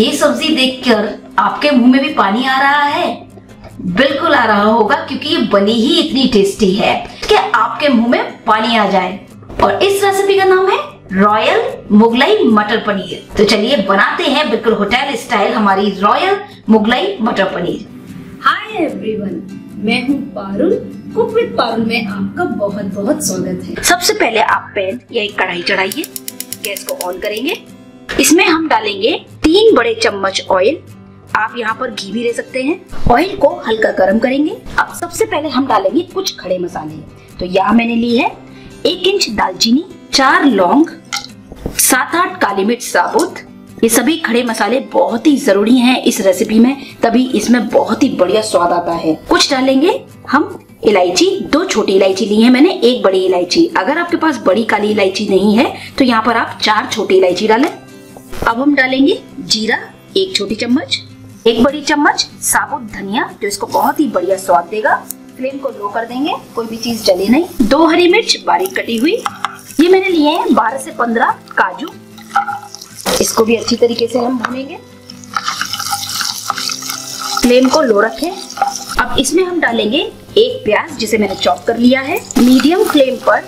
ये सब्जी देखकर आपके मुंह में भी पानी आ रहा है बिल्कुल आ रहा होगा क्योंकि ये बनी ही इतनी टेस्टी है कि आपके मुंह में पानी आ जाए और इस रेसिपी का नाम है रॉयल मुगलाई मटर पनीर तो चलिए बनाते हैं बिल्कुल होटल स्टाइल हमारी royal Mughlai matar paneer hi everyone मैं हूँ पारुल कुक विद पारुल में आपका बहुत बहुत स्वागत है सबसे पहले आप पैन या एक कढ़ाई चढ़ाइए गैस को ऑन करेंगे इसमें हम डालेंगे तीन बड़े चम्मच ऑयल आप यहाँ पर घी भी ले सकते हैं ऑयल को हल्का गर्म करेंगे अब सबसे पहले हम डालेंगे कुछ खड़े मसाले तो यहाँ मैंने ली है एक इंच दालचीनी चार लौंग सात आठ काली मिर्च साबुत ये सभी खड़े मसाले बहुत ही जरूरी हैं इस रेसिपी में तभी इसमें बहुत ही बढ़िया स्वाद आता है कुछ डालेंगे हम इलायची दो छोटी इलायची ली है मैंने एक बड़ी इलायची अगर आपके पास बड़ी काली इलायची नहीं है तो यहाँ पर आप चार छोटी इलायची डालें अब हम डालेंगे जीरा एक छोटी चम्मच एक बड़ी चम्मच साबुत धनिया जो इसको बहुत ही बढ़िया स्वाद देगा फ्लेम को लो कर देंगे कोई भी चीज जले नहीं दो हरी मिर्च बारीक कटी हुई ये मैंने लिए हैं बारह से पंद्रह काजू इसको भी अच्छी तरीके से हम भूनेंगे फ्लेम को लो रखें अब इसमें हम डालेंगे एक प्याज जिसे मैंने चॉप कर लिया है मीडियम फ्लेम पर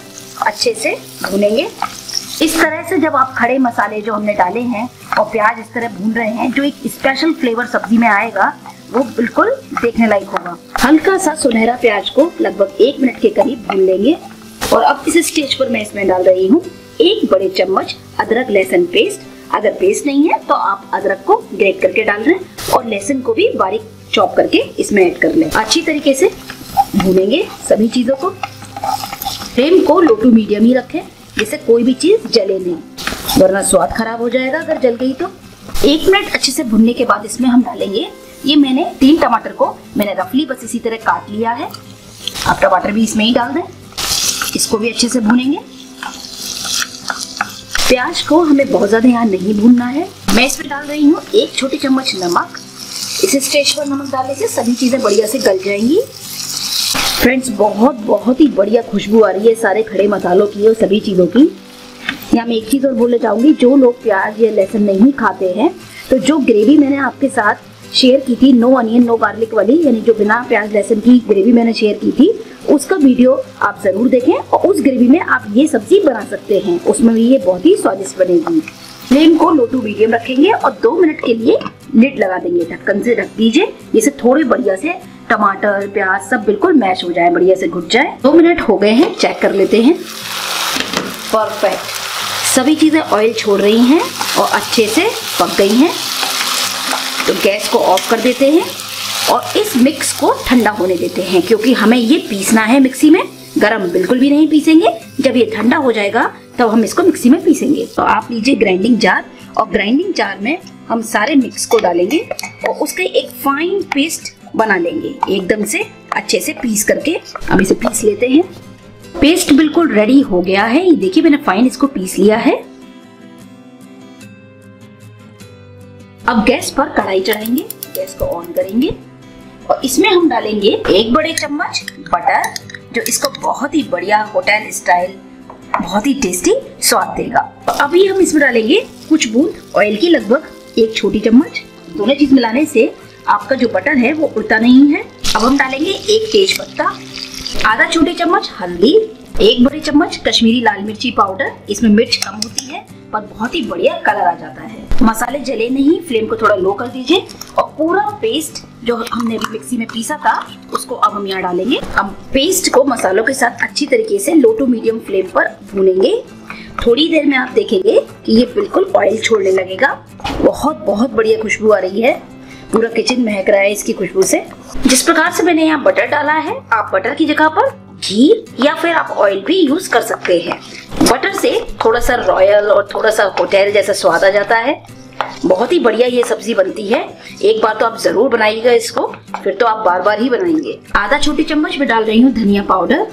अच्छे से भूनेंगे इस तरह से जब आप खड़े मसाले जो हमने डाले हैं और प्याज इस तरह भून रहे हैं जो एक स्पेशल फ्लेवर सब्जी में आएगा वो बिल्कुल देखने लायक होगा हल्का सा सुनहरा प्याज को लगभग एक मिनट के करीब भून लेंगे और अब इस स्टेज पर मैं इसमें डाल रही हूँ एक बड़े चम्मच अदरक लहसुन पेस्ट अगर पेस्ट नहीं है तो आप अदरक को ग्रेट करके डाल रहे हैं और लहसुन को भी बारीक चॉप करके इसमें ऐड कर लें अच्छी तरीके से भूनेंगे सभी चीजों को फ्लेम को लो टू मीडियम ही रखें जिससे कोई भी चीज जले नहीं वरना स्वाद खराब हो जाएगा अगर जल गई तो एक मिनट अच्छे से भुनने के बाद इसमें हम डालेंगे ये मैंने तीन टमाटर को मैंने रफली बस इसी तरह काट लिया है आप टमाटर भी इसमें ही डाल दें इसको भी अच्छे से भुनेंगे प्याज को हमें बहुत ज्यादा यहाँ नहीं भूनना है मैं इसमें डाल रही हूँ एक छोटी चम्मच नमक इस स्टेज पर नमक डालने से सभी चीजें बढ़िया से गल जाएंगी फ्रेंड्स बहुत बहुत ही बढ़िया खुशबू आ रही है सारे खड़े मसालों की और सभी चीज़ों की यहाँ मैं एक चीज़ और बोलना चाहूँगी जो लोग प्याज या लहसुन नहीं खाते हैं तो जो ग्रेवी मैंने आपके साथ शेयर की थी नो अनियन नो गार्लिक वाली यानी जो बिना प्याज लहसुन की ग्रेवी मैंने शेयर की थी उसका वीडियो आप ज़रूर देखें और उस ग्रेवी में आप ये सब्जी बना सकते हैं उसमें भी ये बहुत ही स्वादिष्ट बनेगी फ्लेम को लो टू मीडियम रखेंगे और दो मिनट के लिए लिड लगा देंगे ढक्कन से ढक दीजिए जिसे थोड़े बढ़िया से टमाटर प्याज सब बिल्कुल मैश हो जाए बढ़िया से घुट जाए दो मिनट हो गए हैं चेक कर लेते हैं परफेक्ट सभी चीज़ें ऑयल छोड़ रही हैं और अच्छे से पक गई हैं तो गैस को ऑफ कर देते हैं और इस मिक्स को ठंडा होने देते हैं क्योंकि हमें ये पीसना है मिक्सी में गरम बिल्कुल भी नहीं पीसेंगे जब ये ठंडा हो जाएगा तब तो हम इसको मिक्सी में पीसेंगे तो आप लीजिए ग्राइंडिंग जार और ग्राइंडिंग जार में हम सारे मिक्स को डालेंगे और उसके एक फाइन पेस्ट बना लेंगे एकदम से अच्छे से पीस करके अब इसे पीस लेते हैं पेस्ट बिल्कुल रेडी हो गया है ये देखिए मैंने फाइन इसको पीस लिया है अब गैस पर कढ़ाई चढ़ाएंगे गैस को ऑन करेंगे और इसमें हम डालेंगे एक बड़े चम्मच बटर जो इसको बहुत ही बढ़िया होटल स्टाइल बहुत ही टेस्टी स्वाद देगा अभी हम इसमें डालेंगे कुछ बूंद ऑयल की लगभग एक छोटी चम्मच दोनों चीज मिलाने से आपका जो बटन है वो उड़ता नहीं है अब हम डालेंगे एक तेज पत्ता आधा छोटे चम्मच हल्दी एक बड़े चम्मच कश्मीरी लाल मिर्ची पाउडर इसमें मिर्च कम होती है पर बहुत ही बढ़िया कलर आ जाता है मसाले जले नहीं फ्लेम को थोड़ा लो कर दीजिए और पूरा पेस्ट जो हमने अभी मिक्सी में पीसा था उसको अब हम यहाँ डालेंगे अब पेस्ट को मसालों के साथ अच्छी तरीके से लो टू मीडियम फ्लेम पर भूनेंगे थोड़ी देर में आप देखेंगे कि ये बिल्कुल ऑयल छोड़ने लगेगा बहुत बहुत बढ़िया खुशबू आ रही है पूरा किचन महक रहा है इसकी खुशबू से जिस प्रकार से मैंने यहाँ बटर डाला है आप बटर की जगह पर घी या फिर आप ऑयल भी यूज कर सकते हैं बटर से थोड़ा सा रॉयल और थोड़ा सा होटल जैसा स्वाद आ जाता है बहुत ही बढ़िया ये सब्जी बनती है एक बार तो आप जरूर बनाइएगा इसको फिर तो आप बार बार ही बनाएंगे आधा छोटी चम्मच में डाल रही हूँ धनिया पाउडर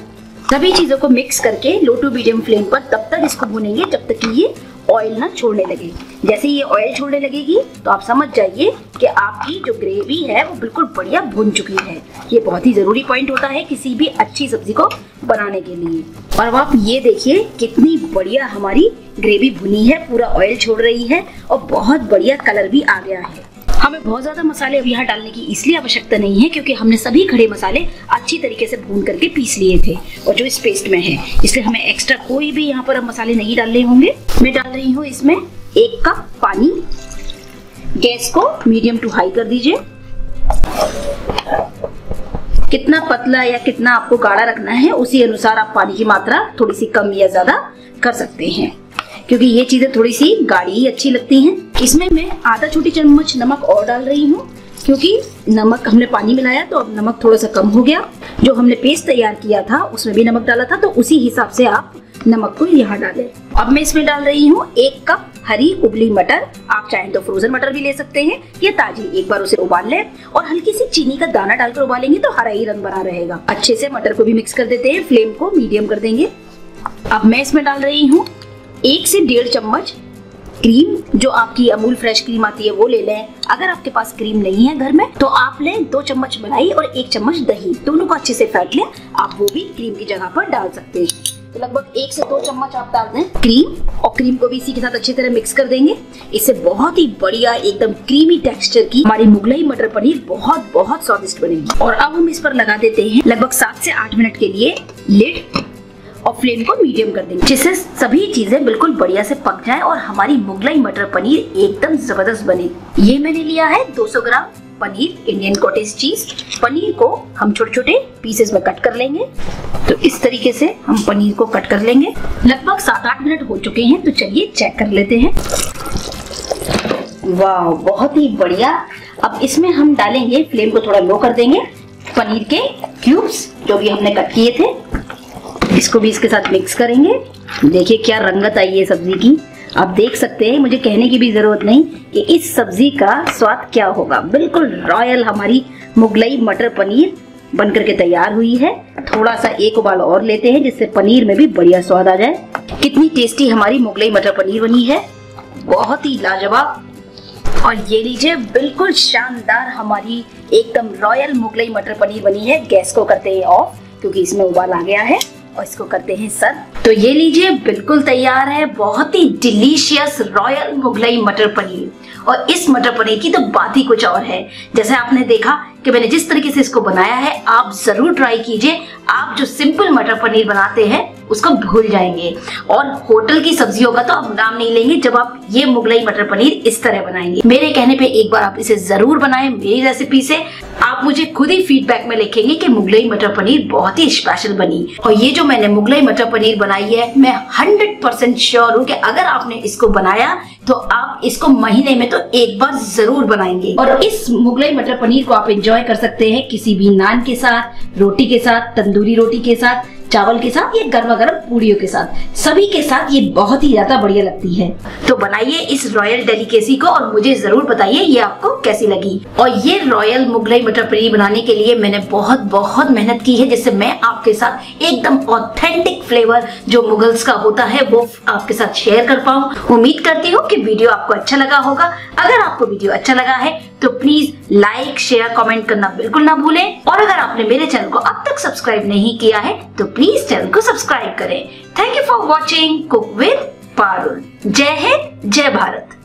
सभी चीजों को मिक्स करके लो टू मीडियम फ्लेम पर तब तक इसको भुनेंगे जब तक ये ऑयल ना छोड़ने लगेगी जैसे ये ऑयल छोड़ने लगेगी तो आप समझ जाइए कि आपकी जो ग्रेवी है वो बिल्कुल बढ़िया भुन चुकी है ये बहुत ही ज़रूरी पॉइंट होता है किसी भी अच्छी सब्जी को बनाने के लिए और अब आप ये देखिए कितनी बढ़िया हमारी ग्रेवी भुनी है पूरा ऑयल छोड़ रही है और बहुत बढ़िया कलर भी आ गया है हमें बहुत ज्यादा मसाले अब यहाँ डालने की इसलिए आवश्यकता नहीं है क्योंकि हमने सभी खड़े मसाले अच्छी तरीके से भून करके पीस लिए थे और जो इस पेस्ट में है इसलिए हमें एक्स्ट्रा कोई भी यहाँ पर अब मसाले नहीं डालने होंगे मैं डाल रही हूँ इसमें एक कप पानी गैस को मीडियम टू हाई कर दीजिए कितना पतला या कितना आपको गाढ़ा रखना है उसी अनुसार आप पानी की मात्रा थोड़ी सी कम या ज्यादा कर सकते हैं क्योंकि ये चीजें थोड़ी सी गाढ़ी अच्छी लगती हैं इसमें मैं आधा छोटी चम्मच नमक और डाल रही हूँ क्योंकि नमक हमने पानी मिलाया तो अब नमक थोड़ा सा कम हो गया जो हमने पेस्ट तैयार किया था उसमें भी नमक डाला था तो उसी हिसाब से आप नमक को यहाँ डालें अब मैं इसमें डाल रही हूँ एक कप हरी उबली मटर आप चाहें तो फ्रोजन मटर भी ले सकते हैं या ताजी एक बार उसे उबाल लें और हल्की सी चीनी का दाना डालकर उबालेंगे तो हरा ही रंग बना रहेगा अच्छे से मटर को भी मिक्स कर देते हैं फ्लेम को मीडियम कर देंगे अब मैं इसमें डाल रही हूँ एक से डेढ़ चम्मच क्रीम जो आपकी अमूल फ्रेश क्रीम आती है वो ले लें अगर आपके पास क्रीम नहीं है घर में तो आप लें दो चम्मच मलाई और एक चम्मच दही दोनों को अच्छे से फैट लें आप वो भी क्रीम की जगह पर डाल सकते हैं तो लगभग एक से दो चम्मच आप डाल दें क्रीम और क्रीम को भी इसी के साथ अच्छी तरह मिक्स कर देंगे इससे बहुत ही बढ़िया एकदम क्रीमी टेक्सचर की हमारी मुगलई मटर पनीर बहुत बहुत स्वादिष्ट बनेगी और अब हम इस पर लगा देते हैं लगभग सात से आठ मिनट के लिए लिड और फ्लेम को मीडियम कर देंगे जिससे सभी चीजें बिल्कुल बढ़िया से पक जाए और हमारी मुगलाई मटर पनीर एकदम जबरदस्त बने ये मैंने लिया है 200 gram paneer Indian cottage cheese paneer को हम छोटे छोटे पीसेस में कट कर लेंगे तो इस तरीके से हम पनीर को कट कर लेंगे लगभग सात आठ मिनट हो चुके हैं तो चलिए चेक कर लेते हैं वाह बहुत ही बढ़िया अब इसमें हम डालेंगे फ्लेम को थोड़ा लो कर देंगे पनीर के क्यूब्स जो भी हमने कट किए थे इसको भी इसके साथ मिक्स करेंगे देखिए क्या रंगत आई है सब्जी की आप देख सकते हैं मुझे कहने की भी जरूरत नहीं कि इस सब्जी का स्वाद क्या होगा बिल्कुल रॉयल हमारी मुगलई मटर पनीर बनकर के तैयार हुई है थोड़ा सा एक उबाल और लेते हैं जिससे पनीर में भी बढ़िया स्वाद आ जाए कितनी टेस्टी हमारी मुगलई मटर पनीर बनी है बहुत ही लाजवाब और ये लीजिए बिल्कुल शानदार हमारी एकदम रॉयल मुगलई मटर पनीर बनी है गैस को करते हैं ऑफ क्योंकि इसमें उबाल आ गया है और इसको करते हैं सर तो ये लीजिए बिल्कुल तैयार है बहुत ही डिलीशियस रॉयल मुगलई मटर पनीर और इस मटर पनीर की तो बात ही कुछ और है जैसे आपने देखा कि मैंने जिस तरीके से इसको बनाया है आप जरूर ट्राई कीजिए आप जो सिंपल मटर पनीर बनाते हैं उसको भूल जाएंगे और होटल की सब्जियों का तो आप नाम नहीं लेंगे जब आप ये मुगलई मटर पनीर इस तरह बनाएंगे मेरे कहने पे एक बार आप इसे जरूर बनाएं मेरी रेसिपी से आप मुझे खुद ही फीडबैक में लिखेंगे कि मुगलई मटर पनीर बहुत ही स्पेशल बनी और ये जो मैंने मुगलई मटर पनीर है मैं हंड्रेड परसेंट श्योर हूँ कि अगर आपने इसको बनाया तो आप इसको महीने में तो एक बार जरूर बनाएंगे और इस मुगलई मटर पनीर को आप एंजॉय कर सकते हैं किसी भी नान के साथ रोटी के साथ तंदूरी रोटी के साथ चावल के साथ या गर्मा गर्म पूड़ियों के साथ सभी के साथ ये बहुत ही ज्यादा बढ़िया लगती है तो बनाइए इस रॉयल डेलीकेसी को और मुझे जरूर बताइए ये आपको कैसी लगी और ये रॉयल मुगलई मटर पनीर बनाने के लिए मैंने बहुत बहुत मेहनत की है जिससे मैं आपके साथ एकदम ऑथेंटिक फ्लेवर जो मुगल्स का होता है वो आपके साथ शेयर कर पाऊँ उम्मीद करती हूँ की वीडियो आपको अच्छा लगा होगा अगर आपको वीडियो अच्छा लगा है तो प्लीज लाइक शेयर कमेंट करना बिल्कुल ना भूलें और अगर आपने मेरे चैनल को अब तक सब्सक्राइब नहीं किया है तो प्लीज चैनल को सब्सक्राइब करें thank you for watching cook with Parul जय हिंद जय भारत